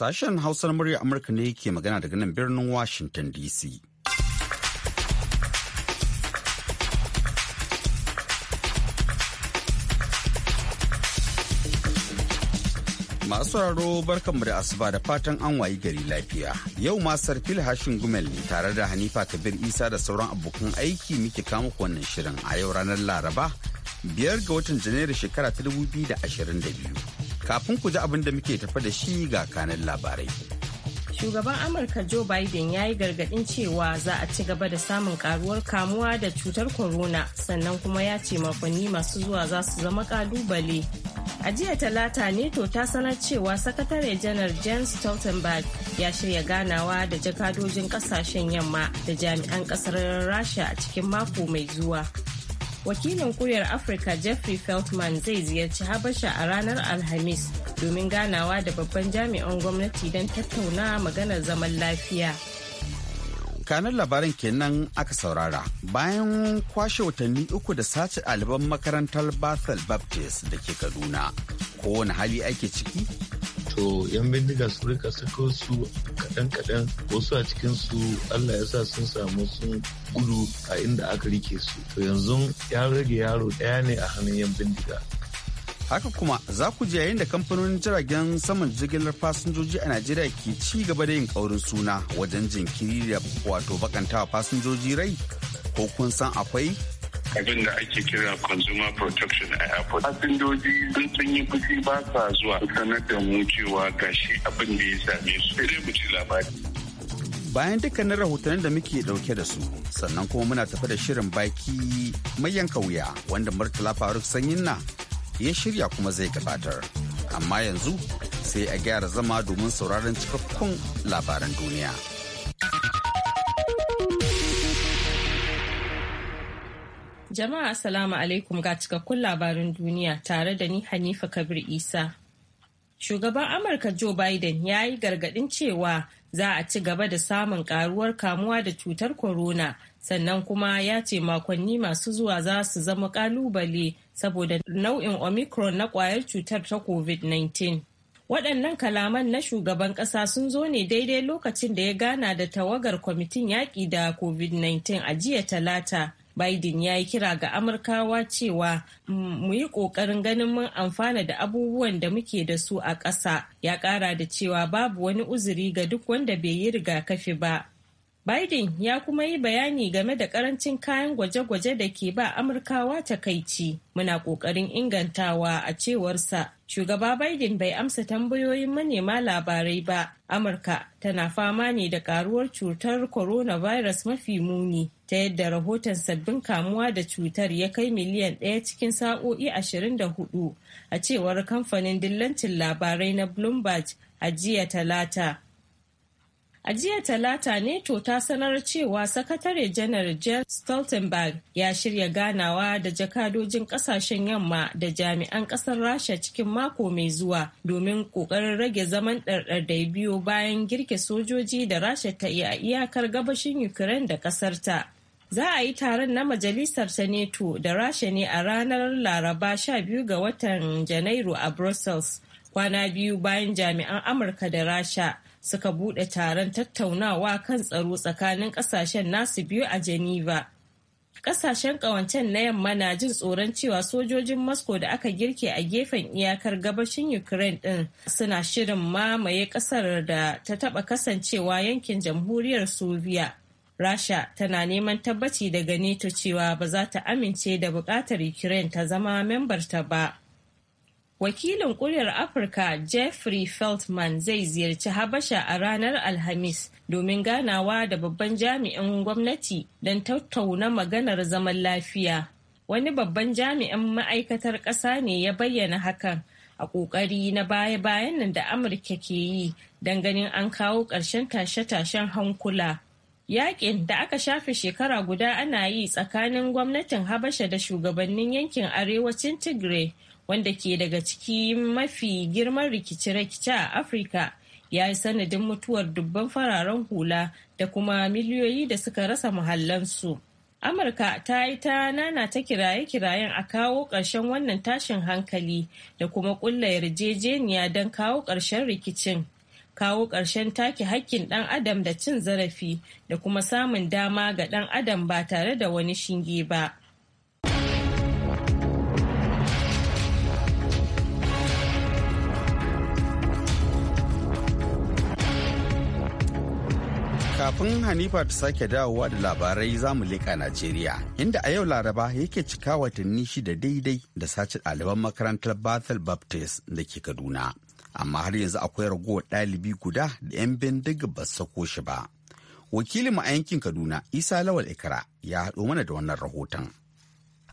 Sashen Hausar murya Amurka ne ke magana daga nan birnin Washington DC. Masu sauraro barkanmu da asuba da fatan an wayi gari lafiya. Yau ma Sarfil Hashin Gumel ne tare da Hanifa Kabir Isa da sauran abokan aiki muke kama wannan shirin a yau ranar Laraba biyar ga watan Janairu shekara ta 2022. kafin ku ji abin da muke tafa da shi ga kanan labarai. Shugaban Amurka Joe Biden ya yi gargaɗin cewa za a ci gaba da samun karuwar kamuwa da cutar corona sannan kuma ya ce makonni masu zuwa za su zama kalubale. A jiya talata neto ta sanar cewa sakatare janar Jens Stoltenberg ya shirya ganawa da jakadojin kasashen yamma da jami'an kasar Rasha a cikin mako mai zuwa. wakilin kuryar afirka jeffrey feltman zai ziyarci habasha a ranar alhamis domin ganawa da babban jami'an gwamnati don tattauna maganar zaman lafiya kanan labarin kenan aka saurara bayan kwashe watanni uku da sace ɗaliban makarantar bethel baptist da ke kaduna kowane hali ake ciki to yan bindiga su rika sako su kaɗan-kaɗan wasu a cikin su allah ya sa sun samu sun gudu a inda aka rike su to yanzu ya rage yaro ɗaya ne a hannun yan bindiga haka kuma za ku ji yayin da kamfanonin jiragen saman jigilar fasinjoji a najeriya ke ci gaba da yin kaurin suna wajen jinkiri da wato bakantawa fasinjoji rai ko kun san akwai abin da ake kira consumer protection a airport fasinjoji sun sun yi kusi ba sa zuwa sanar da mu cewa gashi abin da ya same su sai mu ci labari bayan dukkanin rahotannin da muke dauke da su sannan kuma muna tafi da shirin baki mai yanka wuya wanda murtala faruk sanyin na ya shirya kuma zai gabatar amma yanzu sai a gyara zama domin sauraron cikakkun labaran duniya. Jama'a Assalamu alaikum ga cikakkun labarin duniya tare da ni Hanifa Kabir Isa. Shugaban Amurka Joe Biden ya yi gargadin cewa za a ci gaba da samun karuwar kamuwa da cutar corona sannan kuma ya ce makonni masu zuwa za su zama kalubale saboda nau'in omicron na kwayar cutar ta covid-19 waɗannan kalaman na shugaban ƙasa sun zo ne daidai lokacin da ya gana da tawagar kwamitin yaƙi da covid-19 a jiya talata Biden ya yi kira ga Amurkawa cewa mu yi ƙoƙarin ganin mun amfana da abubuwan da muke da su a ƙasa. Ya ƙara da cewa babu wani uzuri ga duk wanda bai yi rigakafi ba. Biden ya kuma yi bayani game da karancin kayan gwaje-gwaje da ke ba Amurkawa takaici. Muna ƙoƙarin ingantawa a cewarsa. Shugaba Biden bai amsa tambayoyin manema labarai ba. Amurka tana fama ne da karuwar cutar coronavirus mafi muni ta yadda rahoton sabbin kamuwa da cutar ya kai miliyan ɗaya cikin sa'o'i 24 a cewar kamfanin dillancin labarai na Bloomberg a jiya talata. A jiya talata ne ta sanar cewa sakatare janar Jens Stoltenberg ya shirya ganawa da jakadojin kasashen yamma da jami'an kasar Rasha cikin mako mai zuwa domin kokarin rage zaman ɗarɗar da biyo bayan girke sojoji da Rasha ta yi a iyakar gabashin Ukraine da kasarta. Za a yi taron na majalisar ta NATO da Rasha ne a ranar Laraba 12 ga watan Janairu a Brussels, kwana biyu bayan jami'an Amurka da Rasha. suka bude taron tattaunawa kan tsaro tsakanin kasashen nasu biyu a Geneva. Kasashen kawancen na yamma na jin tsoron cewa sojojin Moscow da aka girke a gefen iyakar gabashin Ukraine din suna shirin mamaye kasar da ta taba kasancewa yankin jamhuriyar Soviet. Rasha tana neman tabbaci daga NATO cewa ba za ta amince da bukatar Ukraine ta zama membarta ba. wakilin kuryar afirka jeffrey feltman zai ziyarci habasha a ranar alhamis domin ganawa da babban jami'in gwamnati don tattauna maganar zaman lafiya wani babban jami'in ma'aikatar ƙasa ne ya bayyana hakan a ƙoƙari na baya-bayan nan da amurka ke yi don ganin an kawo ƙarshen tashe-tashen hankula yaƙin da aka shafe shekara guda ana yi tsakanin gwamnatin habasha da shugabannin yankin arewacin tigray wanda ke daga ciki mafi girman rikice-rikice a afirka ya yi sanadin mutuwar dubban fararen hula da kuma miliyoyi da suka rasa muhallansu amurka ta yi ta nana ta kiraye-kirayen a kawo ƙarshen wannan tashin hankali da kuma ƙulla yarjejeniya don kawo ƙarshen rikicin kawo ƙarshen take hakkin ɗan adam da cin zarafi da kuma samun dama ga ɗan adam ba tare da wani shinge ba Kafin Hanifa ta sake dawowa da labarai zamu leƙa Najeriya, inda a yau Laraba yake cika watanni shida daidai da sace ɗaliban makarantar Bethel Baptist da ke Kaduna. Amma har yanzu akwai ragowar ɗalibi guda da 'yan bindiga ba su sako shi ba. Wakilin a yankin Kaduna, Isa Lawal Ikra, ya haɗo mana da wannan rahoton.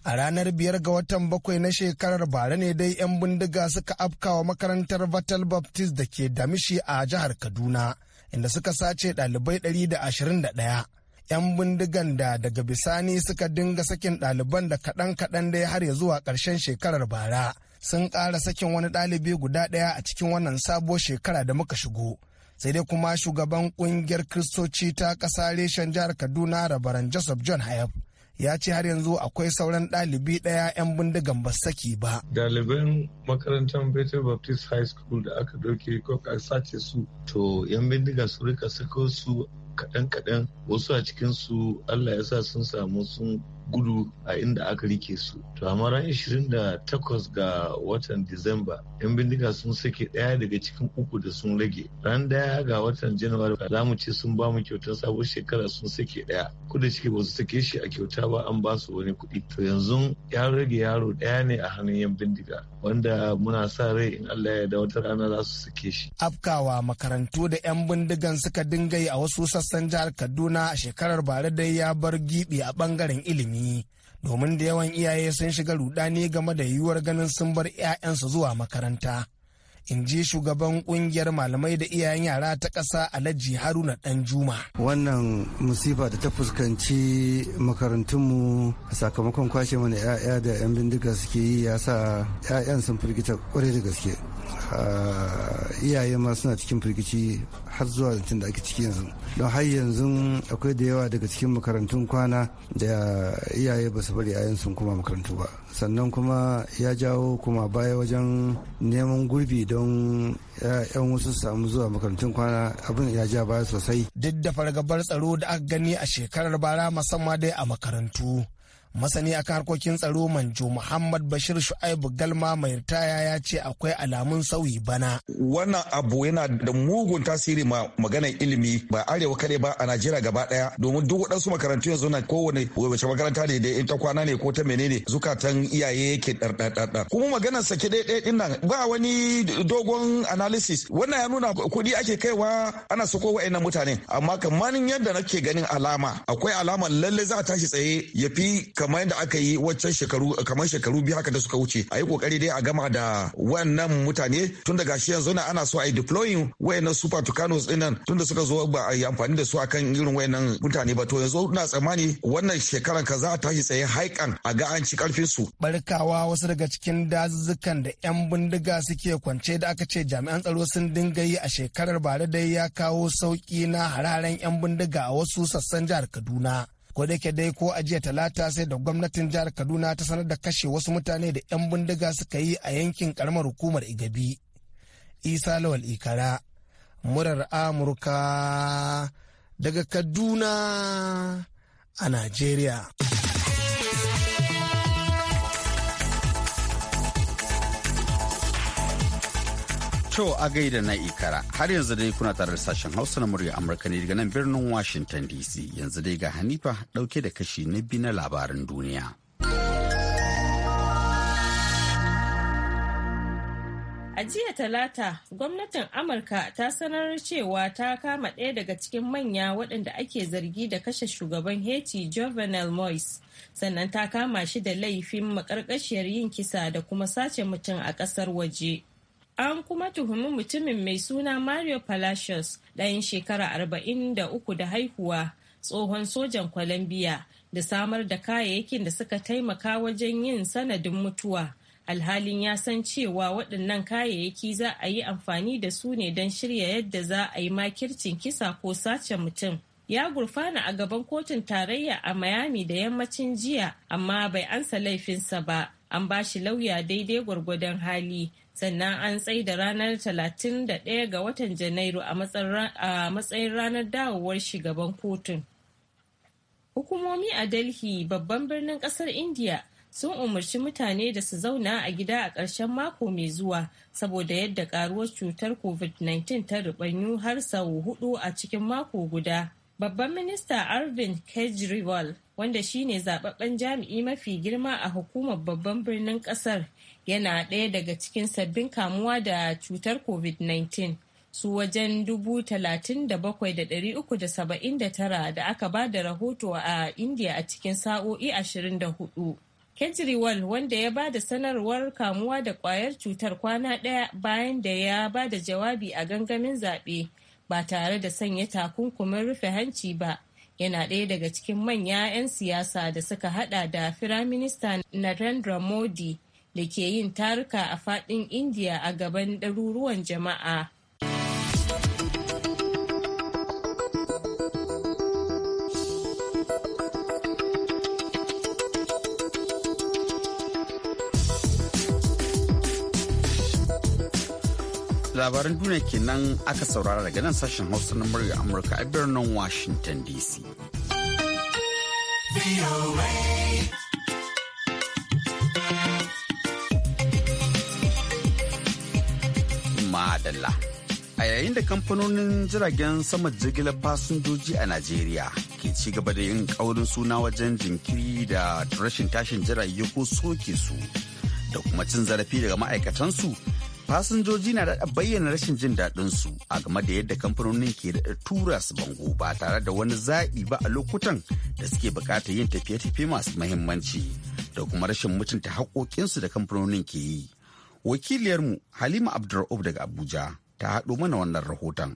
A ranar biyar ga watan bakwai na shekarar bara ne dai 'yan bindiga suka afkawa makarantar Vatal Baptist da ke Damishi a jihar Kaduna. inda suka sace ɗalibai 121 'yan bindigan da daga bisani suka dinga sakin ɗaliban da kaɗan-kaɗan dai har ya zuwa ƙarshen shekarar bara sun ƙara sakin wani ɗalibi guda ɗaya a cikin wannan sabuwar shekara da muka shigo sai dai kuma shugaban ƙungiyar kristoci ta ƙasa reshen jihar kaduna rabaran joseph john hayab ya ce har yanzu akwai sauran ɗalibi ɗaya 'yan bindigan ba saki ba. Ɗaliban makarantar Bethel Baptist High School da aka ɗauke ko ka sace su to 'yan bindiga su rika sako su kaɗan-kaɗan wasu a cikin su Allah ya sa sun samu sun gudu a inda aka rike su. To amma ran 28 ga watan Disamba, 'yan bindiga sun sake ɗaya daga cikin uku da sun rage. Ran daya ga watan Janairu za mu ce sun ba mu kyautar sabon shekara sun sake ɗaya. kudin shi ba su sake shi a kyauta ba an ba su wani kudi to yanzu ya rage yaro daya ne a hannun yan bindiga wanda muna sa rai in Allah ya da wata rana za su sake shi. Afkawa makarantu da yan bindigan suka dinga yi a wasu sassan jihar Kaduna a shekarar bare dai ya bar gibi a bangaren ilimi. Domin da yawan iyaye sun shiga rudani game da yiwuwar ganin sun bar 'ya'yansu zuwa makaranta. in ji shugaban kungiyar malamai da iyayen yara ta ƙasa alhaji haruna dan juma wannan musifa da ta fuskanci makarantunmu sakamakon kwashe mana 'ya'ya da 'yan bindiga suke yi ya sa 'ya'yan sun firgita kwarai da gaske ah, iyaye ma suna cikin firgici har zuwa da ake ciki yanzu don har yanzu akwai da yawa daga cikin makarantun kwana da iyaye ba su bari yayan sun kuma makarantu ba sannan kuma ya jawo kuma baya wajen neman gurbi don yan wasu samu zuwa makarantun kwana abin ya ja baya sosai duk da fargabar tsaro da aka gani a shekarar bara musamman dai a makarantu masani a harkokin tsaro manjo muhammad bashir shu'aibu galma mai ritaya ya ce akwai alamun sauyi bana wannan abu yana da mugun tasiri ma maganar ilimi ba arewa kare ba a najeriya gaba daya domin duk waɗansu makarantu yanzu na kowane wace makaranta ne da in ta kwana ne ko ta menene zukatan iyaye yake ɗarɗarɗarɗar kuma maganar sake ɗaiɗai ɗin nan ba wani dogon analysis wannan ya nuna kuɗi ake kaiwa ana sako wa'annan mutane amma kamar yadda nake ganin alama akwai alama lalle za a tashi tsaye ya fi kamar yadda aka yi waccan shekaru kamar shekaru biyu haka da suka wuce a yi kokari dai a gama da wannan mutane tun daga shi yanzu na ana so a yi deploying wayannan super tucanos din nan suka zo ba a yi amfani da su akan irin wayannan mutane ba to yanzu na tsammani wannan shekaran ka za a tashi tsaye haikan a ga an ci karfin su barkawa wasu daga cikin dazuzzukan da yan bindiga suke kwance da aka ce jami'an tsaro sun dinga yi a shekarar bare dai ya kawo sauki na hararen yan bindiga a wasu sassan jihar Kaduna ko da yake dai ko a jiya talata sai da gwamnatin jihar kaduna ta sanar da kashe wasu mutane da 'yan bindiga suka yi a yankin karamar hukumar igabi isa lawal ikara murar amurka daga kaduna a najeriya To a gaida na ikara har yanzu dai kuna tare da sashen hausa na murya Amurka ne daga nan birnin Washington DC yanzu dai ga Hanifa dauke da kashi na biyu na labarin duniya. A jiya talata gwamnatin Amurka ta sanar cewa ta kama ɗaya daga cikin manya waɗanda ake zargi da kashe shugaban Haiti Jovenel Moise sannan ta kama shi da laifin makarkashiyar yin kisa da kuma sace mutum a ƙasar waje. an kuma tuhumi mutumin mai suna mario palacios ɗayan shekara 43 da haihuwa tsohon sojan colombia da samar da kayayyakin da suka taimaka wajen yin sanadin mutuwa alhalin ya san cewa waɗannan kayayyaki za a yi amfani da su ne don shirya yadda za a yi makircin kisa ko sace mutum ya gurfana a gaban kotun tarayya a miami da yammacin jiya amma bai ansa laifinsa ba an ba shi lauya daidai gwargwadon hali sannan an da ranar 31 ga watan janairu a matsayin ranar dawowar shugaban kotun hukumomi a delhi babban birnin kasar india sun umarci mutane da su zauna a gida a ƙarshen mako mai zuwa saboda yadda karuwar cutar covid-19 ta rubanyu har sau hudu a cikin mako guda babban minista arvind kejriwal wanda shine zababben jami'i mafi girma a hukumar babban birnin kasar yana ɗaya daga cikin sabbin kamuwa da cutar covid-19 su wajen 37,379 da aka ba da rahoto a india a cikin sa'o'i 24 kejriwal wanda ya ba da sanarwar kamuwa da kwayar cutar kwana ɗaya bayan da ya ba da jawabi a gangamin zaɓe ba tare da sanya takunkumin rufe hanci ba yana ɗaya daga cikin manya 'yan siyasa da suka hada da firaminista narendra modi da ke yin taruka a faɗin indiya a gaban ɗaruruwan jama'a labaran duniya kenan aka saurara daga nan sashen hausa na murya amurka a birnin washington dc madalla a yayin da kamfanonin jiragen sama jigilar fasinjoji a najeriya ke ci gaba da yin kaurin suna wajen jinkiri da rashin tashin jirage ko soke su da kuma cin zarafi daga ma'aikatansu fasinjoji na da bayyana rashin jin daɗin su a game da yadda kamfanonin ke da tura su bango ba tare da wani zaɓi ba a lokutan da suke buƙatar yin tafiye-tafiye masu mahimmanci da kuma rashin mutunta haƙoƙinsu da kamfanonin ke yi wakiliyarmu halima abdulra'uf daga abuja ta haɗo mana wannan rahoton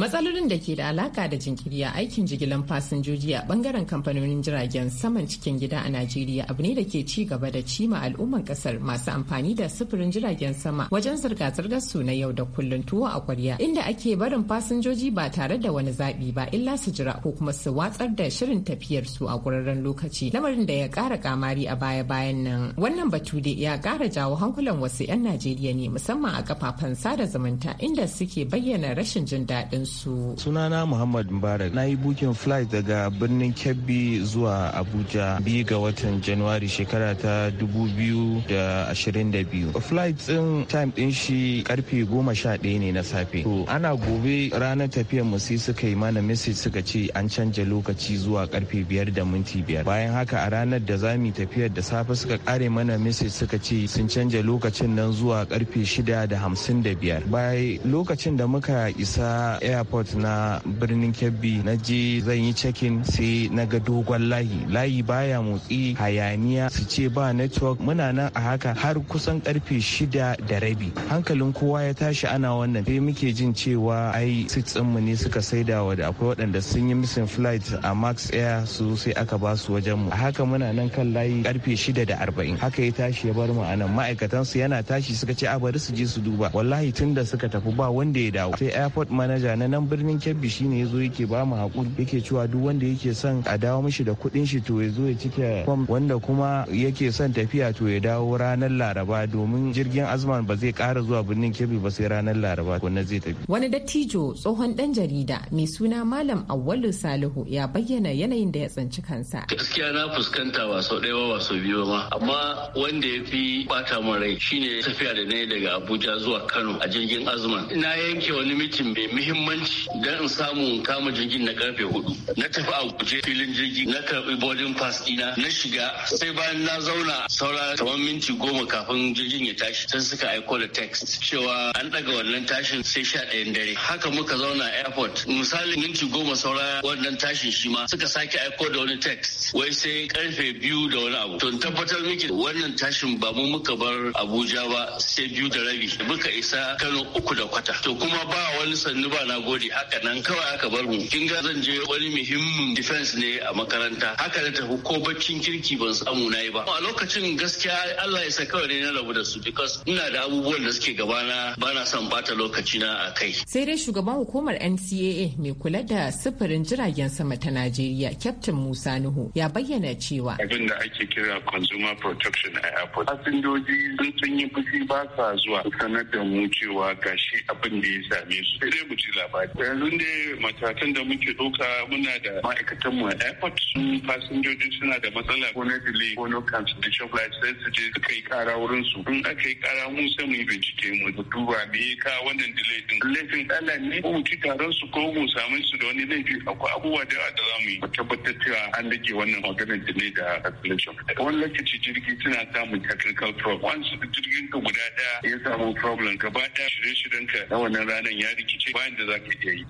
matsalolin da ke da alaka da jinkiri a aikin jigilan fasinjoji a bangaren kamfanonin jiragen saman cikin gida a najeriya abu ne da ke ci gaba da cima al'umman kasar masu amfani da sufurin jiragen sama wajen zirga-zirgar su na yau da kullun tuwo a kwarya inda ake barin fasinjoji ba tare da wani zaɓi ba illa su jira ko kuma su watsar da shirin tafiyar su a ƙwararren lokaci lamarin da ya ƙara kamari a baya-bayan nan wannan batu da ya ƙara jawo hankulan wasu 'yan najeriya ne musamman a kafafen sada zumunta inda suke bayyana rashin jin daɗin su. Sunana Muhammad Mubarak na yi bukin flight daga birnin Kebbi zuwa Abuja biyu ga watan Januwari shekara ta 2022. Flight ɗin time ɗin shi karfe 11 ne na safe. To ana gobe ranar tafiyar mu sai suka yi mana message suka ce an canja lokaci zuwa karfe 5 da minti 5. Bayan haka a ranar da za mu tafiyar da safe suka kare mana message suka ce sun canja lokacin nan zuwa karfe 6 da 55. Bai lokacin da muka isa air. airport na birnin kebbi na je zan yi check-in sai na ga dogon layi layi baya motsi hayaniya su ce ba network muna nan a haka har kusan karfe shida da rabi hankalin kowa ya tashi ana wannan sai muke jin cewa ai seats mu ne suka saida wa da akwai waɗanda sun yi missing flight a max air su sai aka ba su wajen mu haka muna nan kan layi karfe shida da arba'in haka ya tashi ya bar mu a nan ma'aikatan su yana tashi suka ce a bari su je su duba wallahi tun da suka tafi ba wanda ya dawo sai airport manager na na nan birnin kebbi shine ya zo yake ba mu hakuri yake cewa duk wanda yake son a dawo mishi da kudin shi to ya zo ya cike fom wanda kuma yake son tafiya to ya dawo ranar laraba domin jirgin azman ba zai kara zuwa birnin kebbi ba sai ranar laraba ko na zai tafi. wani dattijo tsohon dan jarida mai suna malam awwalu salihu ya bayyana yanayin da ya tsanci kansa. gaskiya na fuskanta waso ɗaya waso biyu ma amma wanda ya fi bata min rai shine tafiya da nayi daga abuja zuwa kano a jirgin azman na yanke wani mitin mai muhimmanci muhimmanci don in samu kama jirgin na karfe hudu na tafi a guje filin jirgi na karbi boarding pass dina na shiga sai bayan na zauna saura kamar minti goma kafin jirgin ya tashi sai suka aiko da text cewa an daga wannan tashin sai sha ɗayan dare haka muka zauna airport misali minti goma saura wannan tashin shi ma suka sake aiko da wani text wai sai karfe biyu da wani abu to tabbatar miki wannan tashin ba mu muka bar abuja ba sai biyu da rabi muka isa kano uku da kwata to kuma ba wani sannu ba na gode haka nan kawai aka bar mu kin ga zan je wani muhimmin defense ne a makaranta haka da tafi ko baccin kirki ban samu na yi ba a lokacin gaskiya Allah ya sa kawai ne na rabu da su because ina da abubuwan da suke gabana ba na son bata lokaci na a kai sai dai shugaban hukumar NCAA mai kula da sufurin jiragen sama ta Najeriya Captain Musa Nuhu ya bayyana cewa abin da ake kira consumer protection a airport fasinjoji sun sun yi fushi ba sa zuwa sanar da mu cewa gashi abin da ya same su sai dai mu ji labari yanzu ne matakan da muke doka muna da ma'aikatan mu a airport su fasinjoji suna da matsala ko na delay ko na cancellation flight sai su je suka kai kara wurin su in aka yi kara musa sai mu yi bincike mu duba me ya ka wannan delay din laifin Allah ne ko mu ci taron su ko mu samu su da wani laifi akwai abubuwa da yawa da za mu yi mu tabbatar cewa an rage wannan maganar delay da cancellation wani lokaci jirgi suna samun technical problem once jirgin ka guda daya ya samu problem gaba daya shirye-shiryen ka na wannan ranar ya rikice bayan da za za ka iya yi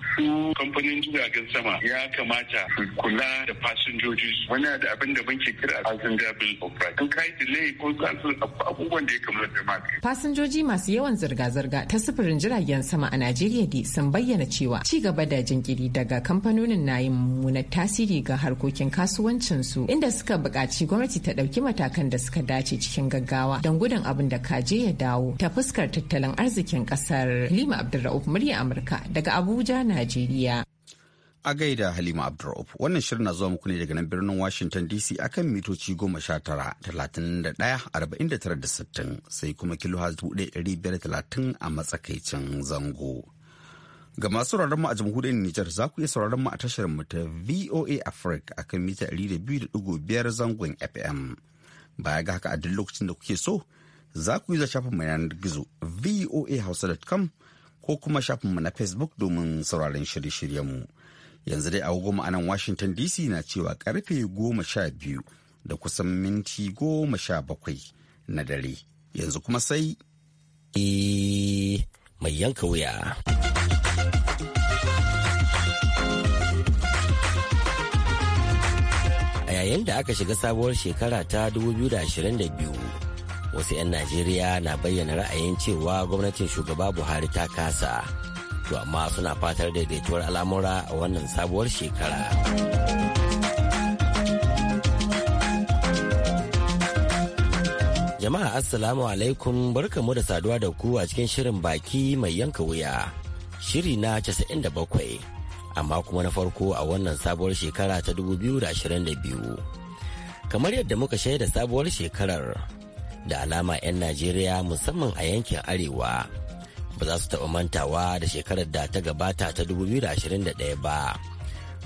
kamfanin jiragen sama ya kamata su kula da fasinjoji wani da abin da muke kira passenger bill of rights Kun kai delay ko abubuwan da ya kamata ma fasinjoji masu yawan zirga-zirga ta sufurin jiragen sama a Najeriya dai sun bayyana cewa ci gaba da jinkiri daga kamfanonin na yi mummunar tasiri ga harkokin kasuwancin su inda suka buƙaci gwamnati ta ɗauki matakan da suka dace cikin gaggawa don gudun abin da kaje ya dawo ta fuskar tattalin arzikin ƙasar. Lima Abdulra'uf murya Amurka daga Abuja, Najeriya. A gaida Halima Abdurrauf, wannan shirin na zuwa muku ne daga nan birnin Washington DC akan mitoci goma sha tara, talatin da ɗaya, arba'in da tara da sittin, sai kuma kilo ɗaya ɗari biyar talatin a matsakaicin zango. Ga masu sauraron mu a jamhuriyar Nijar za ku iya sauraron mu a tashar mu ta VOA Africa akan mita ɗari da biyu da ɗigo biyar zangon FM. Baya ga haka a duk lokacin da kuke so, za ku yi za shafin mai yanar gizo voahausa.com ko kuma shafinmu na facebook domin sauraron shirye-shiryenmu yanzu dai agogo a nan washington dc na cewa karfe goma sha biyu da kusan minti goma sha bakwai na dare yanzu kuma sai e, mai yanka wuya a yayin da aka shiga sabuwar shekara ta 2022 wasu 'yan najeriya na bayyana ra'ayin cewa gwamnatin shugaba buhari ta kasa to amma suna fatar daidaituwar al'amura a wannan sabuwar shekara jama'a assalamu alaikum barkamu da saduwa da ku a cikin shirin baki mai yanka wuya shiri na 97 amma kuma na farko a wannan sabuwar shekara ta 2022 kamar yadda muka shaida sabuwar shekarar da alama 'yan najeriya musamman a yankin arewa ba za su taɓa mantawa da shekarar da ta gabata ta 2021 ba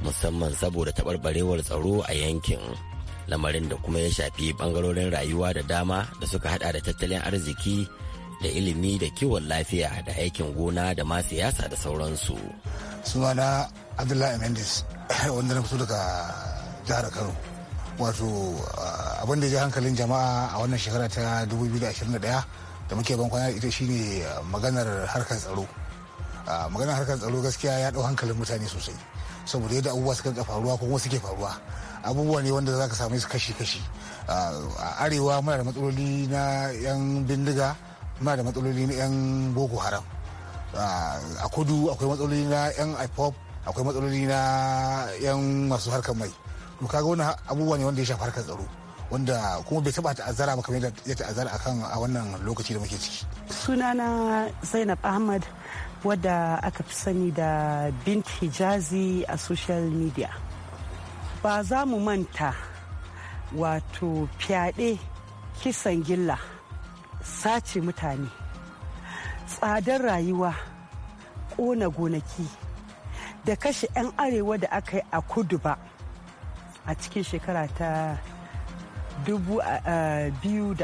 musamman saboda taɓarɓarewar tsaro a yankin lamarin da kuma ya shafi ɓangarorin rayuwa da dama da suka hada da tattalin arziki da ilimi da kiwon lafiya da aikin gona da ma siyasa da sauransu. suna na abdullahi mendes wanda na fito daga jihar kano wato ah, abin da ya ji hankalin jama'a a wannan shekara ta 2021 da muke ban kwana ita shine ah, maganar harkar tsaro ah, maganar harkar tsaro gaskiya ya dau hankalin mutane sosai saboda yadda abubuwa suka faruwa kuma suke faruwa abubuwa ne wanda za ka samu su kashi-kashi a arewa muna da matsaloli na 'yan bindiga muna da matsaloli na 'yan boko haram a kudu akwai matsaloli na 'yan ipop akwai matsaloli na 'yan masu harkar mai to kaga wani abubuwa ne wanda ya shafi harkar tsaro wanda kuma bai taba ta'azzara ba kamar yadda ya ta'azzara akan a wannan lokaci da muke ciki sunana zainab ahmad wadda aka fi sani da bint hijazi a social media ba za mu manta wato fyaɗe kisan gilla sace mutane tsadar rayuwa ƙona gonaki da kashe 'yan arewa da aka yi a kudu ba a cikin shekara ta 2021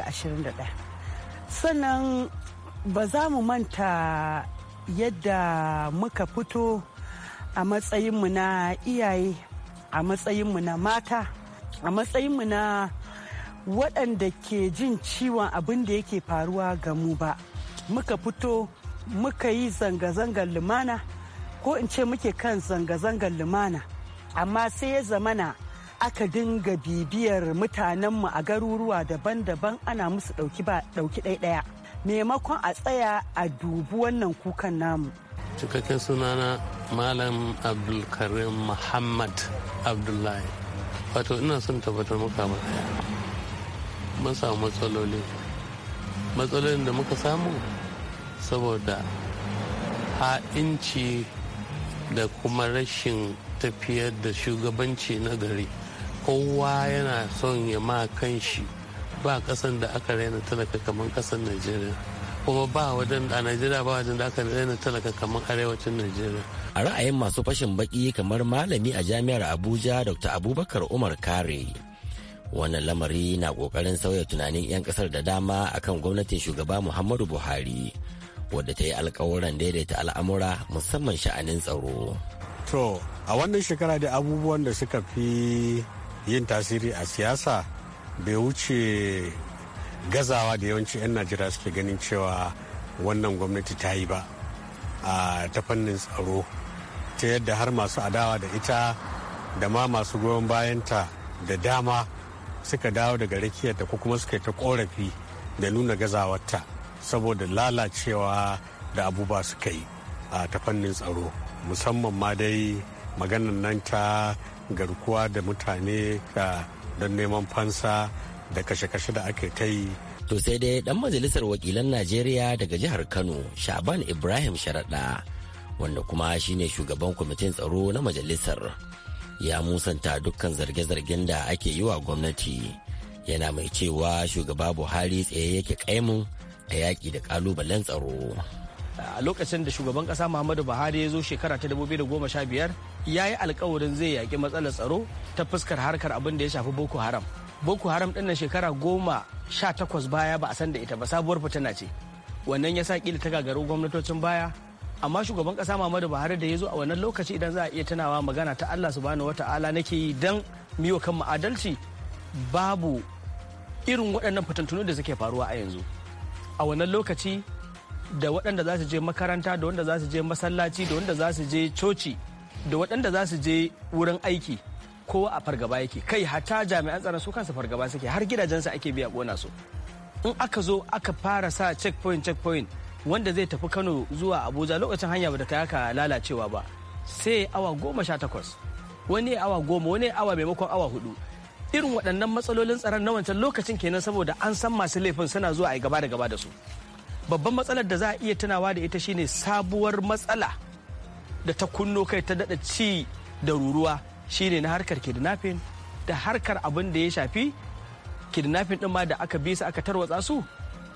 sannan ba za mu manta yadda muka fito a matsayinmu na iyaye a matsayinmu na mata a matsayinmu na waɗanda ke jin ciwon abin da yake faruwa ga mu ba muka fito muka yi zanga-zangar lumana ko in ce muke kan zanga-zangar lumana amma sai ya zamana aka dinga bibiyar mutanenmu a garuruwa daban-daban ana musu ɗauki ba ɗauki ɗaya maimakon a tsaya a dubi wannan kukan namu cikakken sunana malam abdulkarim muhammad abdullahi wato ina son tabbatar muka matsaya mun samu matsaloli matsalolin da muka samu saboda ha'inci da kuma rashin tafiyar da shugabanci na gari kowa yana son ya ma kan shi ba kasan da aka raina talaka kamar kasan najeriya kuma ba wajen a najeriya ba wajen da aka raina talaka kamar arewacin najeriya a ra'ayin masu fashin baki kamar malami a jami'ar abuja dr abubakar umar kare wannan lamari na kokarin sauya tunanin 'yan kasar da dama akan gwamnatin shugaba muhammadu buhari wadda ta yi alkawuran daidaita al'amura musamman sha'anin tsaro to a wannan shekara da abubuwan da suka fi yin tasiri a siyasa bai wuce gazawa da yawanci 'yan najeriya suke ganin cewa wannan gwamnati ta yi ba a ta fannin tsaro ta yadda har masu adawa da ita da ma masu goyon bayanta da dama suka dawo daga rakiyarta ko kuma suka yi ta korafi da nuna gazawarta saboda lalacewa da abubuwa suka yi a ta fannin tsaro musamman ma dai maganan nan ta garkuwa da mutane don neman fansa da kashe-kashe da ake ta yi To sai dai dan majalisar wakilan Najeriya daga jihar Kano, Shaban Ibrahim Sharaɗa, wanda kuma shine shugaban kwamitin tsaro na majalisar, ya musanta dukkan zarge-zargen da ake yi wa gwamnati. Yana mai cewa shugaba Buhari tsaye yake kaimun a yaƙi da ƙalubalen tsaro. a lokacin da shugaban kasa muhammadu buhari ya zo shekara ta 2015 ya yi alkawarin zai yaƙi matsalar tsaro ta fuskar harkar abin da ya shafi boko haram boko haram ɗin shekara goma sha takwas baya ba a san da ita ba sabuwar fitina ce wannan ya sa kila ta gagaru gwamnatocin baya amma shugaban kasa muhammadu buhari da ya zo a wannan lokaci idan za a iya tunawa magana ta allah subhanahu wata'ala nake yi don miyo kan adalci babu irin waɗannan fitantunu da suke faruwa a yanzu a wannan lokaci da waɗanda za su je makaranta da wanda za su je masallaci da wanda za su je coci da waɗanda za su je wurin aiki kowa a fargaba yake kai hata jami'an tsaron su kansu fargaba suke har gidajensu ake biya kona su in aka zo aka fara sa checkpoint checkpoint wanda zai tafi kano zuwa abuja lokacin hanya ba da kai aka lalacewa ba sai awa goma sha takwas wani awa goma wani awa maimakon awa hudu irin waɗannan matsalolin tsaron na wancan lokacin kenan saboda an san masu laifin suna zuwa a gaba da gaba da su babban matsalar da za a iya tunawa da ita shine sabuwar matsala da ta kunno kai ta dada ci da ruruwa shine na harkar kidnapping da harkar abin da ya shafi kidnapping ɗin ma da aka bi su aka tarwatsa su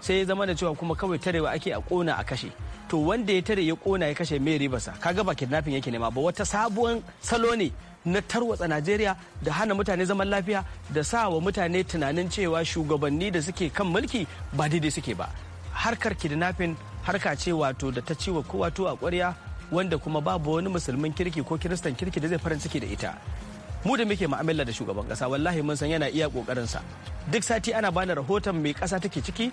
sai ya zama da cewa kuma kawai tarewa ake a kona a kashe to wanda ya tare ya kona ya kashe mai ribarsa kaga ba kidnapping yake nema ba wata sabuwar salo ne na tarwatsa najeriya da hana mutane zaman lafiya da sa wa mutane tunanin cewa shugabanni da suke kan mulki ba daidai suke ba harkar kidnapping harka ce wato da ta ciwa kowa a kwarya wanda kuma babu wani musulmin kirki ko kiristan kirki da zai farin ciki da ita mu da muke mu'amala da shugaban kasa wallahi mun san yana iya kokarin sa duk sati ana bani rahoton mai kasa take ciki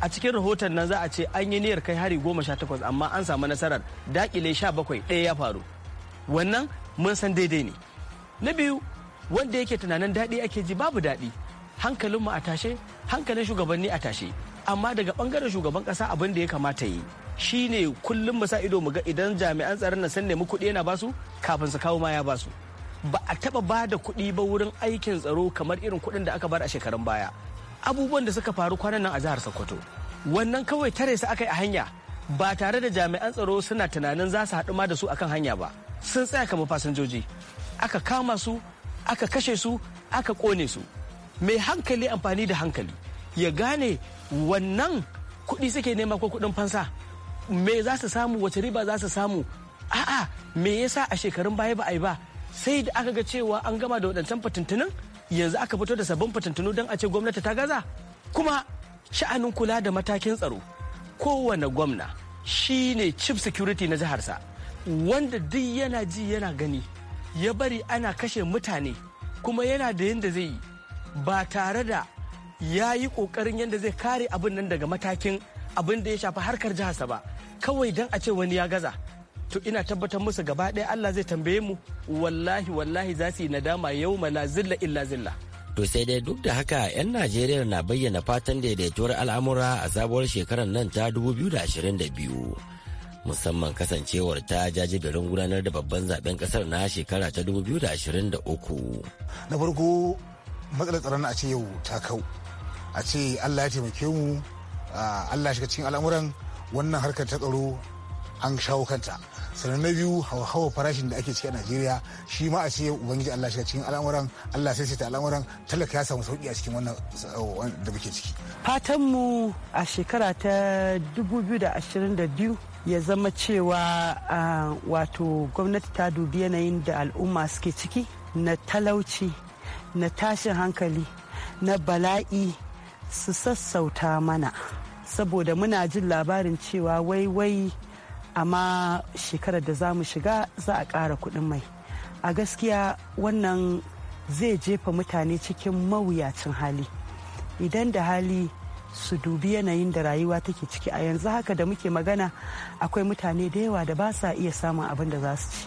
a cikin rahoton nan za a ce an yi niyyar kai hari goma sha takwas amma an samu nasarar dakile sha bakwai ɗaya ya faru wannan mun san daidai ne na biyu wanda yake tunanin daɗi ake ji babu daɗi hankalinmu a tashe hankalin shugabanni a tashe amma daga bangaren shugaban kasa abin da ya kamata yi shine kullum mu sa ido mu ga idan jami'an tsaron na sun nemi kuɗi yana basu kafin su kawo ma ya basu ba a taba ba da kuɗi ba wurin aikin tsaro kamar irin kuɗin da aka bar a shekarun baya abubuwan da suka faru kwanan nan a jihar sokoto wannan kawai tare su aka yi a hanya ba tare da jami'an tsaro suna tunanin za su haɗu ma da su akan hanya ba sun tsaya kamar fasinjoji aka kama su aka kashe su aka kone su mai hankali amfani da hankali ya gane wannan kuɗi suke nema ko kuɗin fansa me za su samu wace riba za su samu a'a me yasa a shekarun baya ba a yi ba sai da aka ga cewa an gama da waɗancan fatantanun yanzu aka fito da sabbin fatantanu don a ce gwamnati ta gaza kuma sha'anin kula da matakin tsaro kowane gwamna shi ne chief security na jiharsa wanda duk yana ji yana gani ya bari ana kashe mutane kuma yana da yadda zai yi ba tare da ya yi kokarin yadda zai kare abin nan daga matakin abin da ya shafi harkar jiharsa ba kawai don a ce wani ya gaza to ina tabbatar musu gaba ɗaya Allah zai tambaye mu wallahi wallahi za su yi nadama yau mala zilla illa zilla To sai dai duk da haka 'yan Najeriya na bayyana fatan daidaituwar al'amura a sabuwar shekarar nan ta 2022. Musamman kasancewar ta jajibirin gudanar da babban zaben kasar na shekara ta 2023. Na farko matsalar tsaron a ce yau ta kau. a ce allah ya taimake mu allah shiga cikin al'amuran wannan harkar ta tsaro an shawo kanta sannan na biyu hawa farashin da ake ciki a najeriya shi ma a ce ubangiji allah shiga cikin al'amuran allah sai ta al'amuran talaka ya samu sauki a cikin wannan da muke ciki fatanmu a shekara ta 2022 ya zama cewa wato gwamnati ta dubi yanayin da al'umma suke ciki na talauci na tashin hankali na bala'i su sassauta mana saboda muna jin labarin cewa wai wai amma shekarar da za mu shiga za a ƙara kuɗin mai a gaskiya wannan zai jefa mutane cikin mawuyacin hali idan da hali su dubi yanayin da rayuwa take ciki a yanzu haka da muke magana akwai mutane da yawa da ba sa iya samun abin da za su ci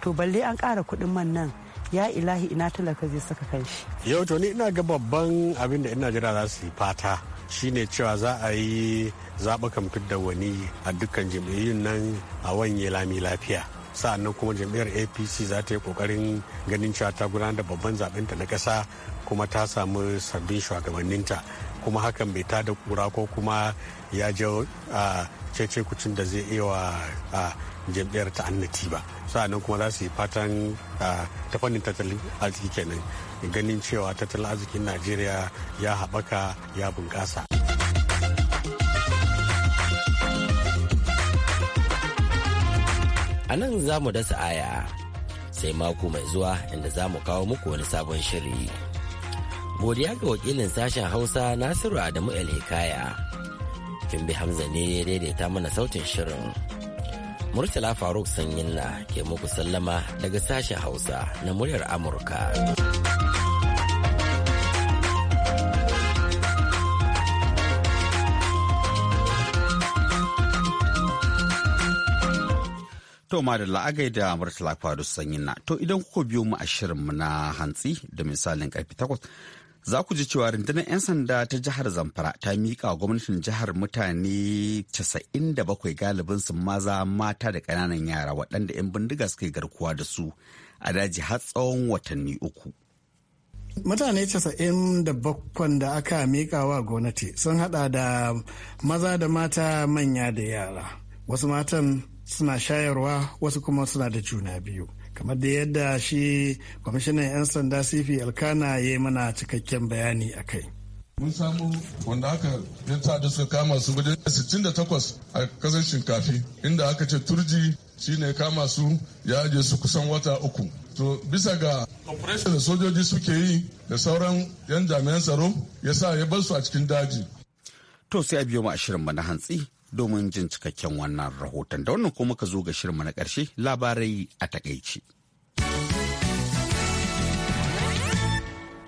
to balle an ƙara kuɗin man nan ya ilahi ina talaka zai saka kanshi yau to ni ina ga babban abin da ina jira za su yi fata shine cewa za a yi zaɓukan fidda wani a dukkan jam'iyyun nan a wanye lami lafiya sa'annan kuma jam'iyyar apc za ta yi kokarin ganin cewa ta gudanar da babban ta na ƙasa kuma ta samu sabbin shugabanninta kuma hakan bai tada kura ko kuma ya je a ah, cece kucin da zai iya wa ah, jam'iyyar ta annati ba nan kuma za su yi fatan ta fannin tattalin arziki kenan ganin cewa tattalin arzikin najeriya ya haɓaka ya bunƙasa a nan za mu dasa aya sai mako mai zuwa inda za mu kawo muku wani sabon shiri godiya ga wakilin sashen hausa nasiru adamu el hikaya kimbi hamza ne ya daidaita mana sautin shirin Murtala Faruk Sanyin na ke muku sallama daga sashen Hausa na muryar Amurka. To ma da la'agai da Murtala Faruk Sanyin na. To idan kuka biyo mu a shirinmu na hantsi da misalin karfe takwas za ku ji cewa rundunar 'yan sanda ta jihar zamfara ta miƙa gwamnatin jihar mutane 97 galibin su maza mata da ƙananan yara waɗanda 'yan bindiga suka yi garkuwa da su a daji har tsawon watanni uku mutane 97 da aka miƙa wa gwamnati sun hada da maza da mata manya da yara wasu matan suna shayarwa wasu kuma suna da juna biyu kamar da yadda shi kwamishinan 'yan sanda sifi alkana ya yi mana cikakken bayani a kai mun samu wanda aka yanta da suka kama su guda 68 a kasar shinkafi inda aka ce turji shine kama su ya aje su kusan wata uku to bisa ga operation da sojoji suke yi da sauran yan jami'an tsaro ya sa ya bar su a cikin daji to sai a biyo mu a shirin na hantsi domin jin cikakken wannan rahoton da wannan kuma ka zo ga shirma na ƙarshe labarai a takaici.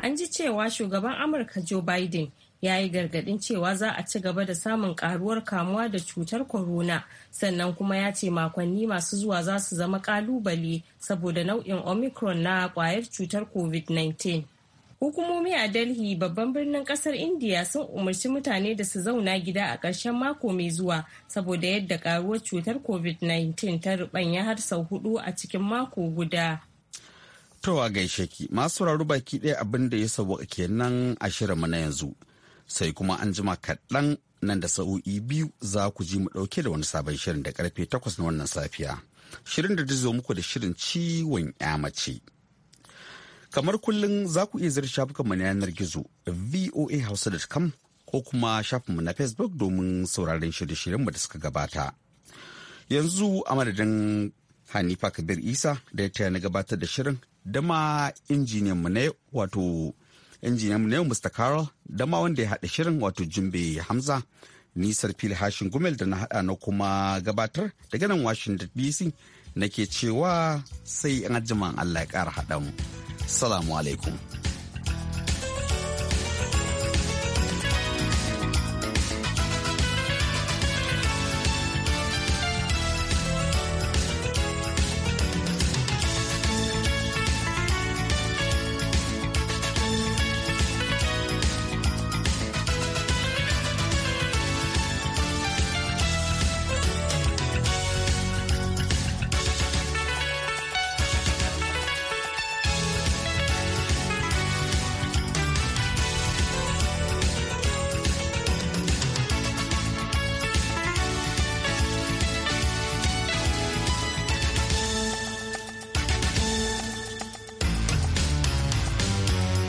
An ji cewa shugaban Amurka Joe Biden ya yi gargadin cewa za a ci gaba da samun ƙaruwar kamuwa da cutar corona sannan kuma ya ce makonni masu zuwa za su zama ƙalubale saboda nau'in omicron na kwayar cutar covid-19 Hukumomi a Delhi babban birnin kasar India sun umarci mutane da su zauna gida a ƙarshen mako mai zuwa saboda yadda karuwar cutar COVID-19 ta rubanya har sau hudu a cikin mako guda. To a gaishe masu raru baki ɗaya abin da ya sauwaka kenan a shirinmu na yanzu. Sai kuma an jima kaɗan nan da sa'o'i biyu za ku ji mu ɗauke da wani sabon shirin da karfe takwas na wannan safiya. Shirin da zo muku da shirin ciwon 'ya mace. Kamar kullum za ku iya zira mu na yanar gizo voahausa.com ko kuma shafinmu na Facebook domin sauraron shirye-shiryenmu da suka gabata. Yanzu a madadin Hanifa Kabir Isa da ya na gabatar da shirin da ma injiniyanmu na yau wato injiniyanmu na yau Mr. Carol da wanda ya haɗa shirin wato jimbe Hamza nisar fili hashin gumel da na haɗa na kuma gabatar daga nan Washington DC nake cewa sai an Allah ya ƙara haɗa mu. Salamu alaikum.